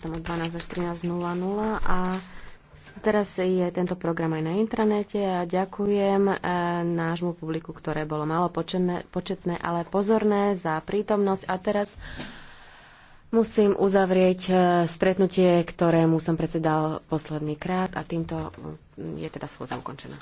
potom od 12 až 13.00 a teraz je tento program aj na intranete a ďakujem eh, nášmu publiku, ktoré bolo malo početné, početné ale pozorné za prítomnosť a teraz musím uzavrieť eh, stretnutie, ktorému som predsedal posledný krát a týmto mm, je teda schôdza ukončená.